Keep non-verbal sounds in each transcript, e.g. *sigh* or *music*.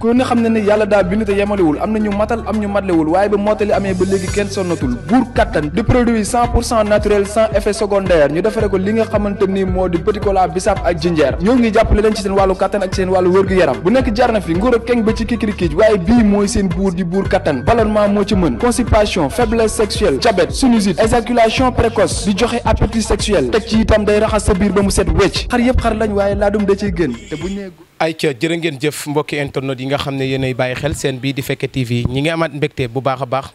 ku ne xam ne ne yàlla daal bindu te yemalewul am na ñu matal am ñu matlewul waaye ba mottali amee ba léegi kenn sonnatul buur kattan di produit cent pour cent naturel sans effet secondaire ñu defare ko li nga xamante ni moo di petit cola bisaab ak jinjeer ñoo ngi jàppale leen ci seen wàllu kattan ak seen wàllu wërgu-yaram bu nekk jarna fi nguur ak keng ba ci kikirikiij waaye bii mooy seen buur di buur kattan ballonnement moo ci mën constipation faiblesse itam day raxas sa biir ba mu set wecc xar laa dum da ay ayca jërë ngeen jëf mbokki internet yi nga xam ne yéenay bàyyi xel seen bii di Fekke TV ñi ngi amaat mbégte bu baax a baax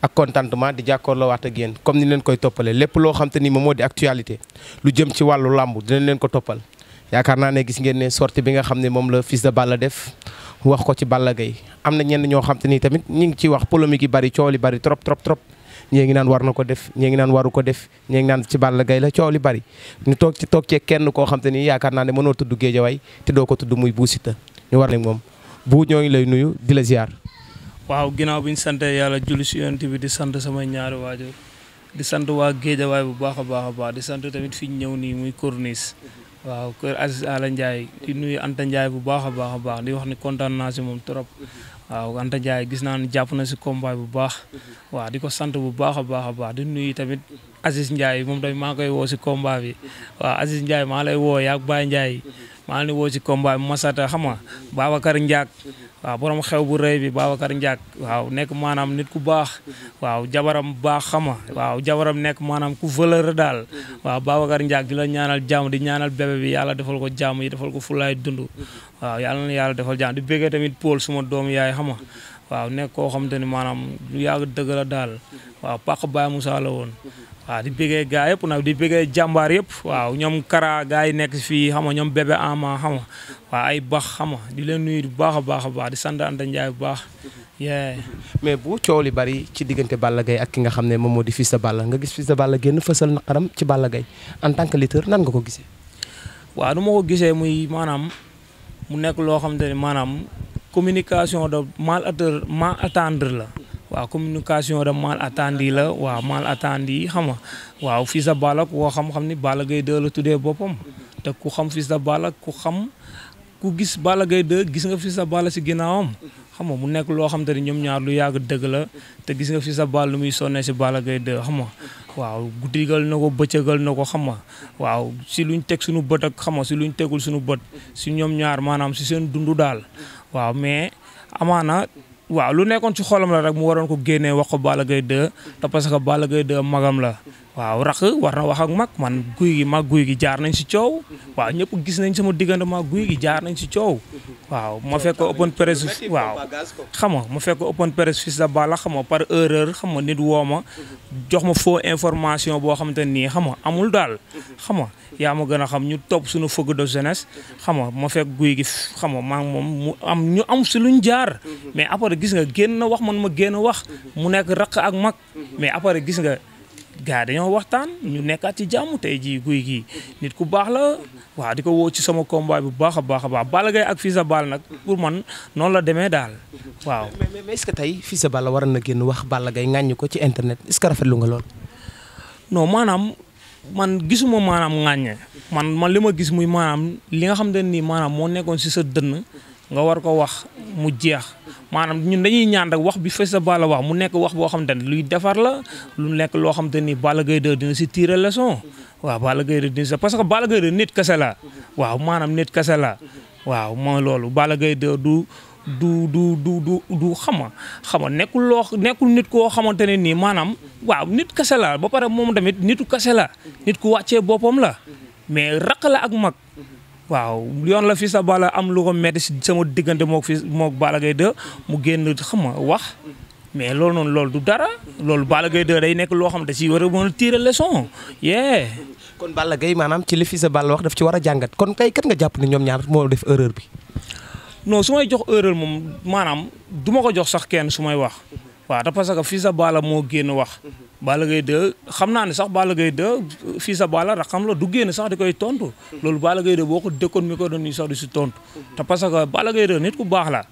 ak contentement di jàkkaarloo waat ak yéen comme ni leen koy toppale lépp loo xam te ni moom moo di actualité lu jëm ci wàllu làmb dinañ leen ko toppal yaakaar naa ne gis ngeen ne sortie bi nga xam ne moom la fis de Balla def wax ko ci Balla Gaye am na ñenn ñoo xam te ni tamit ñi ngi ciy wax polémique yi bari coow li bari trop trop trop ñii ngi naan war na ko def ñii ngi naan waru ko def ñii ngi naan ci Balla Gaye la coow li bari ñu toog ci toog cee kenn koo xam ni yaakaar naa ne mënoo tudd Géejawaay te doo ko tudd muy Bou Siteu ñu war leen moom bu ñoo ngi lay nuyu di la ziar. waaw ginnaaw bi ñu santee yàlla julli si yonent bi di sant samay ñaari waajur di sant waa Géejawaay bu baax a baax a baax di sant tamit fi ñëw nii muy corniche waaw kër Aziz Ala Ndiaye di nuyu Anta Ndiaye bu baax a baax a baax di wax ni kontaan naa si moom trop waaw Anta Ndiaye gis naa ne jàpp na si combat bu baax. Mhm. waaw di ko sant bu baax a baax a baax di nuyu tamit mhm. Aziz Ndiaye moom tamit maa ngi woo si combat bi waaw Aziz Ndiaye maa lay yaag Baye Ndiaye maa ngi lay woo si combat bi Masata xam nga Babacar Ndiak waaw borom xew bu rëy bi Babacar Ndiak waaw nekk maanaam nit ku baax waaw jabaram baax xama waaw jabaram nekk maanaam ku valeur daal waaw di la ñaanal jàmm di ñaanal bébé bi yàlla defal ko jàmm yi defal ko fulaay dund waaw yàlla na yàlla defal jàmm di bëggee tamit Paul suma doom yaay xama waaw nekk koo xam te maanaam lu yàgg dëgg daal waaw pàq Baye Moussa woon waa di bëggee gaa yëpp nag di bëggee jàmbaar yëpp waaw ñoom kara gaa yi nekk fii xam nga ñoom bébé ama xam nga waaw ay bax xam nga di leen nuyu bu baax a baax a baax di sant Anta Ndiaye bu baax. mais bu coow li bari ci diggante Balla gay ak ki nga xam ne moom moo di fii sa Balla nga gis fii sa Balla génn fësal naqaram ci Balla Gaye en tant que lutteur nan nga ko gisee. waaw nu ma ko gisee muy maanaam mu nekk loo xam te ne maanaam communication de ma attendre la. waaw communication de mal attendi la waaw mal attendi xam nga waaw Fils de Balla woo xam-xam ni Balla gay 2 la tuddee boppam te ku xam Fils de Balla ku xam ku gis Balla gay 2 gis nga Fils de Balla si ginnaawam xam nga mu nekk loo xam te ni ñoom ñaar lu yàgg dëgg la te gis nga Fils de Balla lu muy sonnee si Balla gay 2 xam nga waaw guddigal na ko bëccëgal na ko xam nga waaw si luñ teg suñu bët ak xam nga si luñ tegul suñu bët si ñoom ñaar maanaam si seen dund daal waaw lu nekkoon ci xolam la rek mu waroon ko génnee wax ko Balla Gaye 2 te parce que Balla Gaye magam la waaw rakk war na wax ak mag man guy gi mag guy gi jaar nañ si coow waaw ñëpp gis nañ sama diggante mag guy gi jaar nañ si coow waaw ma fekk open press waaw xam nga ma fekk open press fils de Balla xam nga par erreur xam nga nit woo ma jox ma faux information boo xamante nii xam nga amul daal xam nga yaa ma gën a xam ñu topp suñu fëgg de jeunesse xam nga ma fekk guy gi xam nga maa moom mu am ñu am si luñ jaar mais après gis nga génn na wax man ma génn wax mu nekk raq ak mag mais après gis nga gaa dañoo waxtaan ñu nekkaat ci jàmm tey jii guy gii nit ku baax la waa di ko woo ci sama combat bu baax a baax a baax Balla Gaye ak Fils de Balla nag pour man noonu la demee daal waaw. mais mais est-ce que tey Fils de Balla waroon na génn wax Balla Gaye ŋàññi ko ci internet rafetlu nga lool. man gisuma maanaam ŋàññe man man li ma gis muy maanaam li nga xam ne nii maanaam moo nekkoon si sa dënn nga war ko wax mu jeex maanaam ñun dañuy ñaan rek wax bi Fils sa Balla wax mu nekk wax boo xam te ne luy defar la lu nekk loo xam te ni Balla Gaye 2 dina si tirer leçon waaw Balla Gaye 2 dina si parce que Balla Gaye 2 nit kese la waaw maanaam nit kese la waaw moo loolu Balla Gaye 2 du du du du du du xama xama nekkul loo nekkul nit koo xamante ne nii maanaam waaw nit kase la ba pare moom tamit nitu kase la nit ku wàccee boppam la mais raq la ak mag waaw yoon la fii sa bala am lu ko metti si sama diggante moo fi mook Balla Gaye 2 mu génn wax mais loolu noonu loolu du dara loolu Balla Gaye 2 nekk loo xam da si war a mën a tirer leçon yee kon Balla maanaam ci li fi sa Balla wax daf ci war a jàngat kon kay kat nga jàpp ne ñoom ñaar moo def erreur bi non su may jox erreur moom maanaam duma ko jox sax kenn su may wax waaw te parce que Fils de Balla moo génn wax Balla gay 2 xam naa ne sax Balla gay 2 fii sa Balla ra xam la du génn sax di koy tontu. loolu Balla Gaye 2 boo ko dëkkoon mi ko doon ñu sax di si tontu. te parce que Balla Gaye 2 nit ku baax la.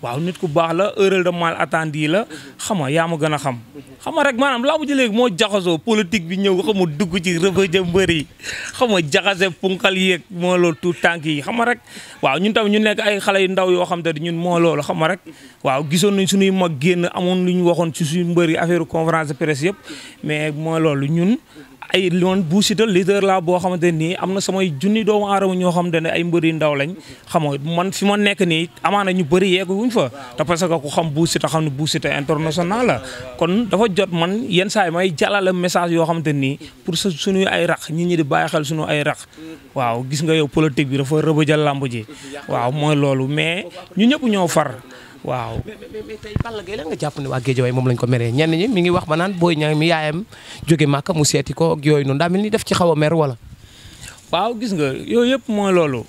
waaw nit ku baax la erreur de mal attendu la. xam nga yaa ma gën a xam. xam nga rek maanaam laa mu ji léegi moo jaxasoo politique bi ñëw xam nga dugg ci rëbëjë mbër yi xam nga jaxase punkal yeeg moo loolu tout tànk yi xam nga rek. waaw ñun tamit ñu nekk ay xale yu ndaw yoo xam te ñun moo loolu xam nga rek. waaw gisoon nañ suñuy mag génn amoon lu ñu waxoon ci suñu mbër yi affaire conférence de presse yëpp mais mooy loolu ñun ay loon Bou Siteu leader la boo xamante nii am na samay junni doomu aadama ñoo xamante ne ay mbër yu ndaw lañ xam nga man fi ma nekk nii amaana ñu bëri yeegu wuñ fa te parce que ku xam Bou Siteu xam ne Bou Siteu international la kon dafa jot man yenn saa yi may jàllale message yoo xamante nii pour sa suñuy ay rax nit ñi di bàyyi xel suñu ay rax waaw gis nga yow politique bi dafa rëbëjal làmb ji waaw mooy loolu mais ñu ñëpp ñoo far waaw mais mais mais tey Balla Gaye lan nga jàpp ne waa moom lañ ko meree ñenn ñi mi ngi wax ba naan Boy Niang mi yaayam jóge Màkka mu seeti ko ak yooyu noonu daa ni def ci xaw a wala. waaw gis nga yooyu yëpp mooy loolu.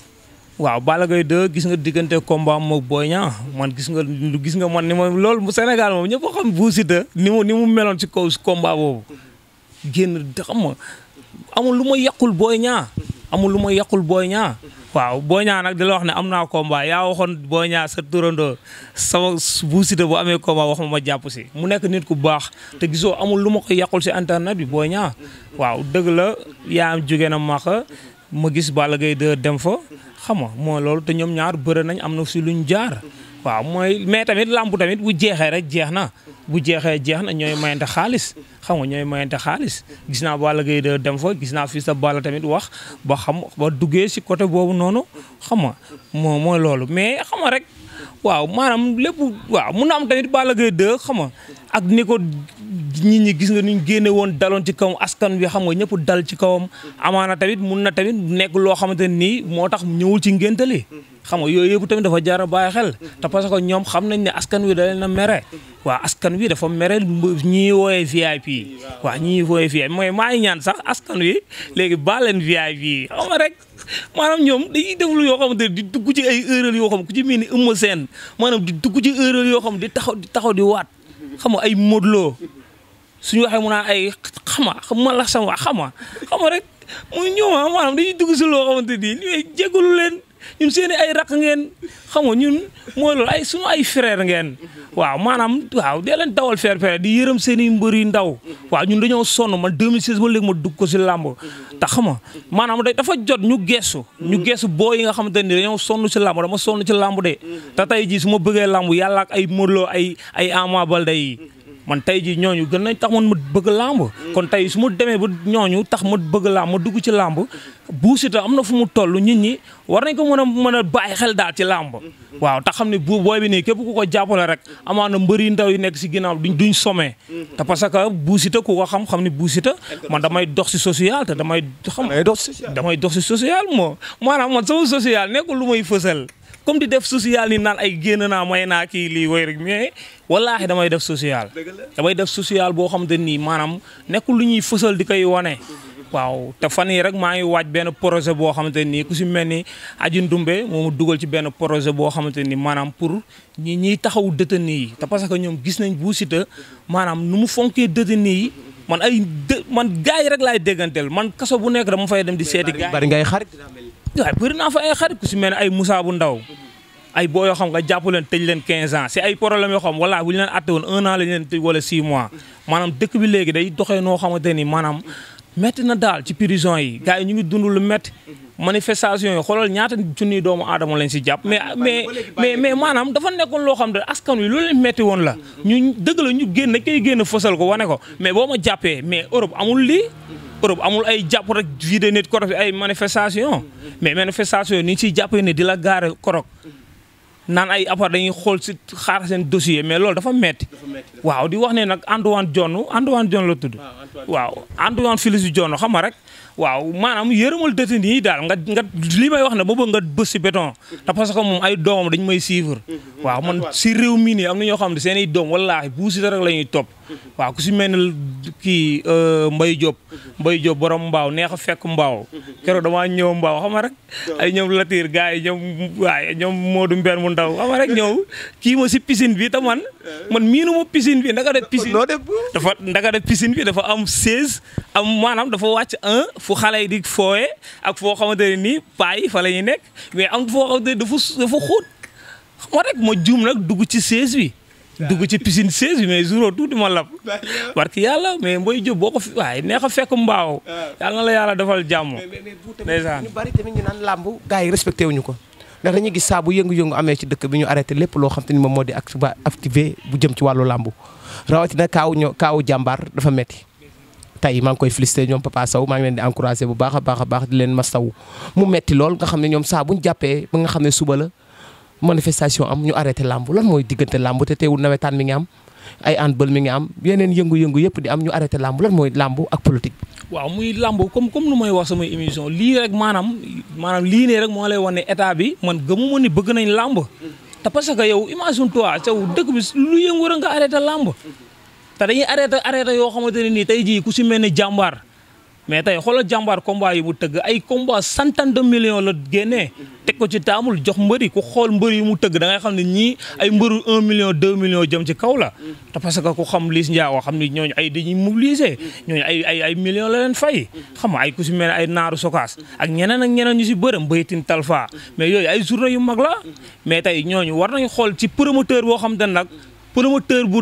waaw Balla Gaye gis nga diggante combat moog Boy Niang man gis nga gis nga man ni ma loolu mu Sénégal moom ñëpp xam Bou Siteu ni mu ni mu meloon si kaw combat boobu. génn xam ma amul lu ma yàqul booy Niang amul lu ma yàqul booy Niang waaw boo ñaa nag di la wax ne am naa combat yaa waxoon boo ñaa sa turandoo sa bu Siteu bu amee combat wax ma ma jàpp si mu nekk nit ku baax te gisoo amul lu ma ko yàqul si internet bi boo ñaa waaw dëgg la yaa am jóge na maxa ma gis Balla gay 2 dem fa xam nga moo loolu te ñoom ñaar bëre nañ am na si lu ñu jaar waaw mooy mais tamit làmb tamit bu jeexee rek jeex na bu jeexee jeex na ñooy mayante xaalis xam nga ñooy mayante xaalis gis naa Balla Gaye de dem fa gis naa fii sa Balla tamit wax ba xam ba duggee si côté boobu noonu xam nga moo mooy loolu mais xam nga rek waaw maanaam lépp waaw mun na am tamit Balla Gaye de xam ak ni ko nit ñi gis nga nuñ génne woon daloon ci kawam askan wi xam nga ñëpp dal ci kawam amaana tamit mun na tamit nekk loo xamante nii moo tax ñëwul ci ngéntali xam nga yooyu yëpp tamit dafa jaar a bàyyi xel te parce que ñoom xam nañ ne askan wi da na mere waa askan wi dafa mere ñii wooyee VIP waa ñii wooyee VIP mooy maa ngi ñaan sax askan wi léegi baa leen VIP xam nga rek ñoom dañuy def lu yoo xamante di dugg ci ay erreur yoo xam ku ci mel ni Eumeu Sène maanaam di dugg ci erreur yoo xam di taxaw di taxaw di waat xam nga ay Modou loo suñu waxee mu naan ay xama xama la sama xama xama rek muy ñoom ah maanaam dañuy dugg si loo xamante ni ñooy jégalu leen ñun seen ay raq ngeen xam nga ñun mooy loolu ay suñu ay frère ngeen. waaw maanaam waaw dee leen dawal faire di yërëm seen i mbër yu ndaw. waaw ñun dañoo sonn man 2016 ba léegi ma dugg ko si làmb. te xam nga maanaam dafa jot ñu geesu. ñu geesu boo yi nga xamante ni dañoo sonn si làmb dama sonn ci làmb de. te tey jii su ma bëggee làmb yàlla ak ay Modou Lo ay ay Ama Baldé man tey ji ñooñu gën nañ tax man ma bëgg làmb kon tey su ma demee ba ñooñu tax ma bëgg làmb ma dugg ci làmb Bou Siteu am na fu mu tollu nit ñi war nañ ko mën a mën a bàyyi xel daal ci làmb waaw te xam ne bu booy bi nii képp ku ko jàppale rek amaana mbëri ndaw yi nekk si ginnaaw duñ duñ sommee te parce que Bou Siteu ku ko xam-xam ne Bou Siteu man damay dox si social te damay xam damay dox si social moo maanaam man sama social nekkul lu may fësal comme di def social ni naan ay génn naa may naa kii lii woy rek mais wallaahi damay def social. damay def social boo xam te nii maanaam nekkul lu ñuy fësal di koy wane. waaw te fan nii rek maa ngi waaj benn projet boo xamante nii ku mel ni Aji Ndumbe moomu dugal ci benn projet boo xamante ni maanaam pour ñii ñiy taxaw détenu yi te parce que ñoom gis nañ Bou Siteu maanaam nu mu fonkee nii yi man ay dë man gars yi rek laay dégganteel man kaso bu nekk dama fay dem di seeti. bari ngay xarit waaye bëri naa fa ay xarit ku si mel ne ay Moussa bu ndaw ay boo yoo xam nga jàpp leen tëj leen 15 ans si ay problème yoo xam wala bu ñu leen atte woon un leen tëj wala 6 mois maanaam dëkk bi léegi day doxee noo xamante ni maanaam metti na daal ci prison yi gars yi ñu ngi dund lu metti manifestation yi xoolal ñaata junniy doomu aadama lañ si jàpp mais mais mais mais maanaam dafa nekkoon loo xam ne askan wi loolu leen metti woon la ñu dëgg la ñu génn dañ koy génn fësal ko wane ko mais boo ma jàppee mais Europe amul lii Europe amul ay jàpp rek vie de nit koro fi ay manifestation mais manifestation ni ñu ciy jàppee ne di la gaar gaare korok naan ay appart dañuy xool si xaar seen dossier mais loolu dafa metti waaw di wax ne nag Antoine Diome Antoine Diome la tudd ah, waaw ànduwoon filis yu joono xam nga rek waaw maanaam yërëmal détenu yi daal nga nga li may wax ne ba bëgg nga bës si béton te parce que moom ay doomam dañu may suivre waaw man si réew mii nii am na xam ne seen doom wallaahi buusi rek la ñuy topp waaw ku si mel ne kii euh, Mbaye Diop Mbaye Diop borom mbaaw neex a fekk mbaaw keroog damaa ñëw mbaaw xam rek ñëw kii ma si piscine bi te man miinu ma piscine bi ndaka def piscine bi dafa am seize am maanaam dafa wàcc un fu xale yi di fooye ak foo xamante ne nii paa yi fa la nekk mais am foo xamante ne dafa dafa xóot xam ma juum nag dugg ci seize bi. dugg ci piscine seize bi mais jour tuuti ma lab. parce que yàlla mais Mboye Diop boo ko fi a fekk mbaaw. yàlla na la yàlla defal jàmm. ndeysaan ñu bari tamit ñu naan làmb gars yi respecté wuñu ko. ndax dañuy gis saa bu yëngu-yëngu amee ci dëkk bi ñu arrêté lépp loo xam ni moom moo di activé bu jëm ci wàllu làmb rawatina kaaw ñoo kaawu jàmbaar dafa metti tey maa ngi koy félicité ñoom Papa Sow maa ngi leen di encouragé bu baax a baax a baax di leen masawu mu metti lool nga xam ne ñoom saa bu ñu jàppee ba nga xam ne suba la manifestation am ñu arrêté làmb lan mooy diggante làmb te teewul nawetaan mi ngi am ay handball mi ngi am yeneen yëpp di am ñu arrêté làmb lan mooy làmb ak politique. waaw muy làmb comme comme lu may wax samay émission lii rek maanaam maanaam lii ne rek moo lay wan ne état bi man gëmuma ni bëgg nañ làmb te parce que yow imagine toi yow dëkk bi lu yëngu rek nga arrêté làmb te dañuy arrêté arrêté yoo xamante ne nii tey jii ku si mel ni jàmbaar mais tey xoolal jàmbaar combat yi mu tëgg ay combat centaine de millions la génnee teg ko ci taamul jox mbëri ku xool mbëri yu mu tëgg da ngay xam ne ñii ay mbëru un million deux millions jëm ci kaw la te parce que ku xam Liss Ndiago xam ni ñooñu ay dañuy mobiliser ñooñu ay ay ay millions la leen fay xam ay ku si mel ay naaru sokaas ak ñeneen ak ñeneen ñu si bërëm mbayitin talfa mais yooyu ay journée yu mag la mais tey ñooñu war nañ xool ci promoteur boo xam te nag promoteur bu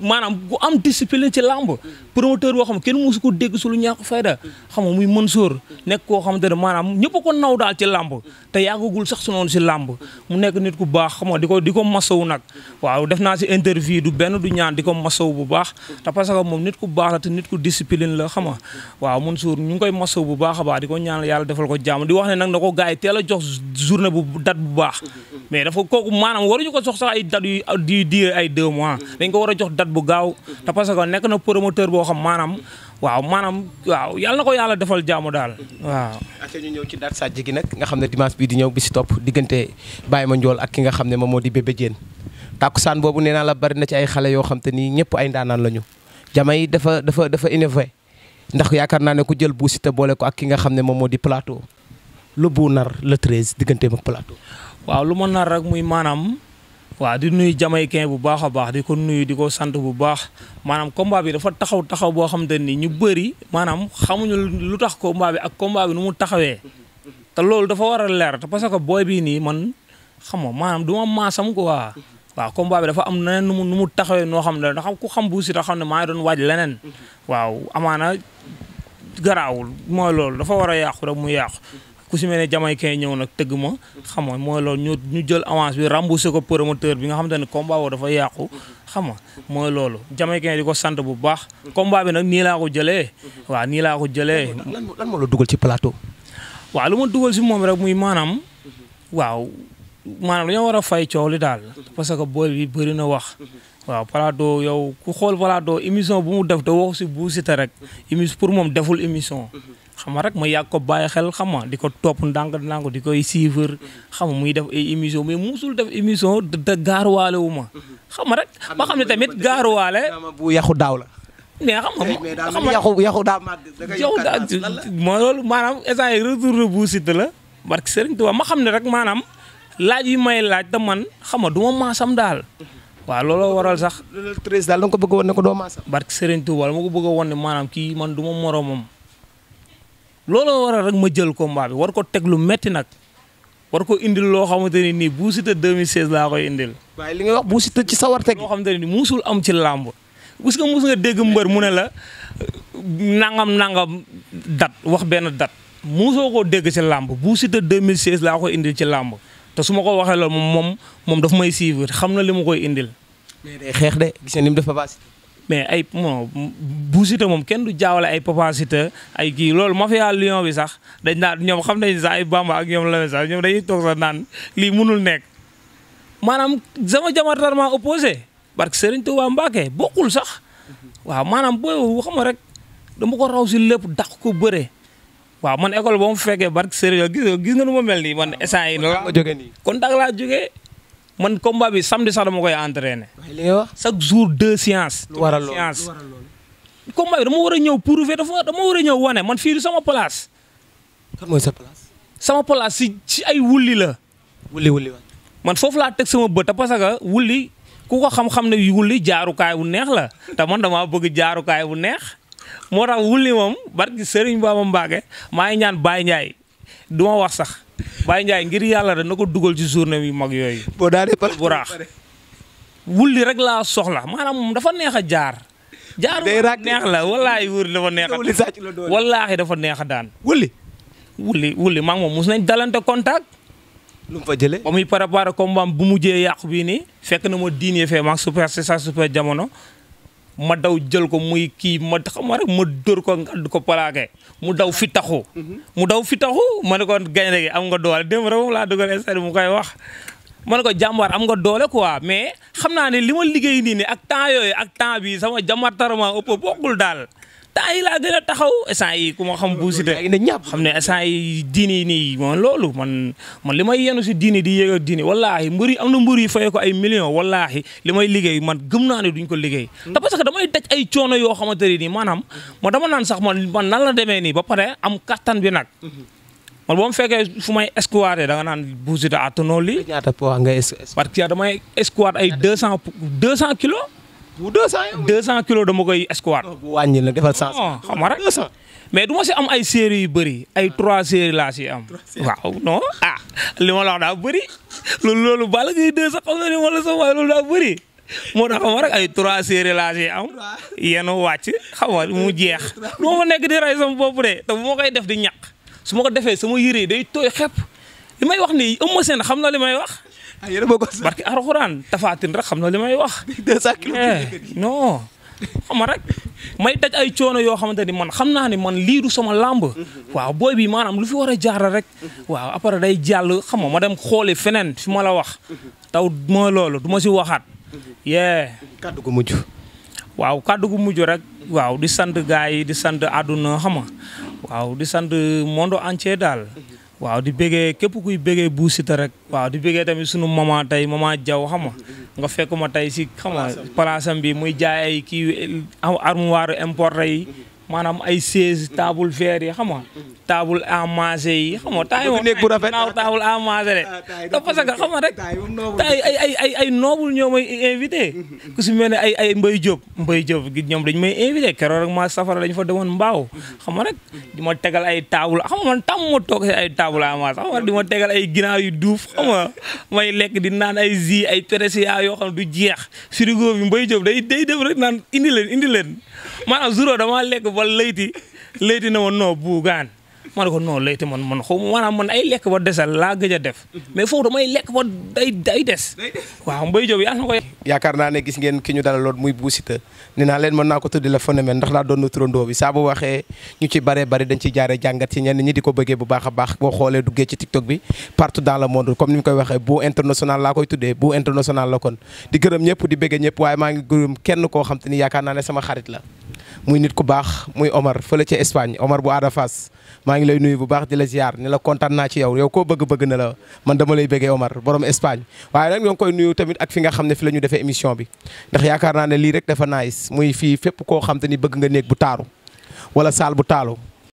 maanaam ku am discipline ci làmb promoteur boo xam kenn mosu ko dégg su lu ñàkk fayda xam nga muy Mansour nekk koo xamante ne maanaam ñëpp ko naw daal ci làmb te yàggagul sax su si làmb mu nekk nit ku baax xam nga di ko di ko masawu nag waaw def naa si interview du benn du ñaan di ko masawu bu baax te parce que moom nit ku baax la te nit ku discipline la xam nga waaw Mansour ngi koy masawu bu baax a baax ko ñaan yàlla defal ko jàmm di wax ne nag na ko gars yi teel a jox journée bu date bu baax mais dafa kooku maanaam waruñu ko jox sax ay date yu di ay deux mois dañ ko war a jox date date bu gaaw te parce que nekk na promoteur boo xam maanaam waaw maanaam waaw yàlla na ko yàlla defal jaamu daal waaw ak ñu ñëw ci date sàjj gi nag nga xam ne dimanche bii di ñëw bi si topp diggante Baye Mandione ak ki nga xam ne moom moo di Bébé Diène tàkkusaan boobu nee naa la bari na ci ay xale yoo xam te ni ñëpp ay ndaanaan lañu jama yi dafa dafa dafa innové ndax yaakaar naa ne ko jël Bou Siteu boole ko ak ki nga xam ne moom moo di plateau lu buu nar le 13 digganteem ak plateau waa di nuyu jamaïcain bu baax a baax di ko nuyu di ko sant bu baax maanaam combat bi dafa taxaw taxaw boo xam te ni ñu bëri maanaam xamuñu lu tax combat bi ak combat bi nu mu taxawee te loolu dafa war a leer te parce que booy bii nii man xam nga maanaam du ma maasam quoi. waaw combat bi dafa am neneen nu mu nu mu taxawee noo xam ne dafa ku xam Bou Siteu xam ne maa ngi doon waaj leneen waaw amaana garaawul mooy loolu dafa war a yàqu rek mu yàqu ku si mel ne jamaïcain ñëw nag tëgg ma xam nga mooy loolu ñu ñu jël avance bi remboursé ko promoteur bi nga xamante ne combat woo dafa yàqu xam nga mooy loolu jamaïcain di ko sant bu baax combat bi nag nii laa ko jëlee waaw nii laa ko jëlee lan moo la dugal ci palaato waa lu ma dugal si moom rek muy maanaam waaw maanaam dañoo war a fay coow li daal parce que bool bi bëri na wax waaw Plateau yow ku xool Plateau émission bu mu def te waxu si Bou rek émission pour moom deful émission xam nga rek ma yàgg ko bàyyi xel xamaa di ko topp ndànk ko di koy suivre xam nga muy def ay émission mais musul def émission te gaaruwaale wu ma. xam rek ma xam ne tamit gaaruwaale. bu yàqu daaw la. daaw ma loolu maanaam instant yii retour de la. parce que Serigne ma xam ne rek maanaam laaj yi may laaj te man xam nga du ma maasam daal. waaw looloo waral sax. loolu treize daal da nga ko bëgg a woon ne ko doo maasam. barke kii man du ma moromam looloo waral rek ma jël combat bi war ko teg lu metti nag war ko indil loo xamante ni nii Bou Siteu 2016 laa koy indil. waaye li nga wax Bou Siteu ci sawarte gi. loo xamante ne nii musul am ci làmb. gis nga mus dégg mbër mu ne la nangam nangam dat wax benn dat muusoo ko dégg ci làmb Bou Siteu 2016 laa koy indil ci làmb te su ma ko waxee loolu moom moom moom daf may suivre xam na li ma koy indil. mais day xeex de gis ni mu def mais ay mo bu Siteu moom kenn du jaawale ay Papa ay kii loolu mafia Lion bi sax dañ naan ñoom xam nañ sax ay Bamba ak ñoom la sax ñoom dañuy toog sax naan lii munul nekk maanaam sama diamétralement opposé parce que Serigne Touba Mbacké bokkul sax waaw maanaam booy xam rek dama ko raw si lépp dàq ko bëre waaw man école ba mu fekkee barke Serigne gis gis nga nu ma mel nii man. Ah, instant yii nii kon dag laa jógee. man combat bi samedi sax moo koy entraîné. li nga wax chaque jour deux séances. lu waral loolu séances. combat bi dama war a ñëw prouver dafa dama war a ñëw wane man fii du sama place. kan mooy sa sama place si ay wulli la. wulli wulli waat. man foofu laa teg sama bët parce que wulli ku ko xam-xam ne wulli jaarukaay wu neex la te man damaa bëgg jaarukaay wu neex moo tax wulli moom barki Serigne Baba Mbacke maa ngi ñaan baay ñaay du wax sax. Baye Ndiaye ngir yàlla rek na ko dugal ci journée yu mag yooyu. boo daanee bu raax wulli rek laa soxla maanaam moom dafa neex a jaar. jaar neex la wallaahi wulli dafa neex a. wallaahi dafa neex a daan. wulli. wulli wulli maa ngi moom mos nañ dalante contact. lu mu fa jëlee ba muy préparé combat bu mujjee yàqu bii nii. fekk na ma diine fee maag super c'est super jamono. ma daw jël ko muy kii ma xam rek ma dóor ko ngàdd ko plaqué mu daw fi taxu mu daw fi taxu ma ne ko gaynde gi am nga doole démb rek moom laa dugal stade mu koy wax ma ne ko jàmbaar am nga doole ko wa mais xam naa ne li ma liggéey nii ne ak temps yooyu ak temps bi sama jàmbaar tarama ëpp bokkul daal temps yi laa gën a taxaw instant yi ku ma xam buusite xam ne instant yi diini yi nii man loolu man man li may yenu si diini di yéeg ak diini wallaahi mbër yi am na mbër yi fayee ko ay millions wallaahi li may liggéey man gëm naa ne duñ ko liggéey hmm. te parce que damay daj ay coono yoo xamante ne nii maanaam hmm. ma dama naan sax man man nan la demee nii ba pare am kattan bi nag hmm. man boo ma fekkee fu may escouade da nga naan buusite àttanoo lii parce que damay escouade ay deux cent deux cent kilos bu 200 200 kilos dama koy squat. Oh, bu wàññil nag defal 100. xam nga rek mais du ma si am ay séries yu bëri ay 3 ah. séries laa si am. waaw non ah li ma la daa bëri loolu loolu bala ngay 200 xam nga li ma la sax waaye loolu daa bëri moo tax xam nga ay trois séries laa si am yenn wàcc xam nga mu jeex. du ma nekk di rey sama bopp de moo koy def di ñàkk su ma ko defee sama yére day tooy xepp li may wax am ëmb seen xam na li may wax. ah yéen a bokk sax barki Alxuraan tafaatin rek xam na li may wax. 200 *laughs* eh, xam rek may daj ay coono yoo xamante ni man xam naa ni man lii du sama làmb. Mhm. waaw booy bii maanaam lu fi war a jaar rek. Mhm. waaw après day jàll xam nga ma dem xooli feneen fi ma la wax. Mhm. taw ma loolu duma si waxaat. yee. kàddu gu mujj. waaw kàddu gu mujj rek. waaw di sant gars yi di sant àdduna xam waaw di sant mondo entier daal. waaw di bëggee képp kuy bëggee Bou Siteu rek waaw di bëggee tamit sunu maman tey maman Diaw xama nga fekk ma tey si xam nga palaasam bi muy jaay ay kii armoire importé yi maanaam ay chaise table verre yi xam nga tabul amasé yi xam nga taay moom nekk bu rafet naaw de ah, da parce que xam rek taay ay ay ay ay noobul ñoo may invité ku si mel ne ay ay Mbaye mbay Mbaye Diop gi ñoom dañ may invité keroog rek maa safara dañ fa demoon mbaaw xam nga rek di ma tegal ay table xam nga man tam ma toog si ay table amasé xam nga di ma tegal ay ginaar yu duuf xam nga may lekk di naan ay si ay pérésiya yoo xam ne du jeex frigo bi Mbaye Diop day day def rek naan indi leen indi leen maanaam zuro damaa lekk ba layti layti na ma noo buugaan ma ne ko non lay te man man xaw man ay lekk ba desal laa gëj a def mais foofu damay lekk ba day day des waaw Mbaye Diop yàlla na ko yaakaar naa ne gis ngeen ki ñu dalaloon muy Bou Siteu nee naa leen mën naa ko tuddi la phénomène ndax daa doon turandoo bi saa waxee ñu ci bare bari dañ ci jaaree jàngat ci ñenn ñi di ko bëggee bu baax a baax boo xoolee duggee ci TikTok bi partout dans le monde comme ni mu koy waxee Bou international laa koy tuddee Bou international la kon di ñëpp di bëggee ñëpp waaye ngi gërëm kenn koo xam ni yaakaar naa ne sama muy nit ku baax muy Omar fële ca Espagne Omar bu Ada Fass maa ngi lay nuyu bu baax di la ziar ni la kontaan naa ci yow yow koo bëgg-bëgg na la man dama lay bëggee Omar borom Espagne waaye nag ñoo koy nuyu tamit ak fi nga xam ne fi la ñu defee émission bi ndax yaakaar naa ne lii rek dafa nice muy fii fépp koo xam ni bëgg nga néeg bu taaru wala saal bu taalu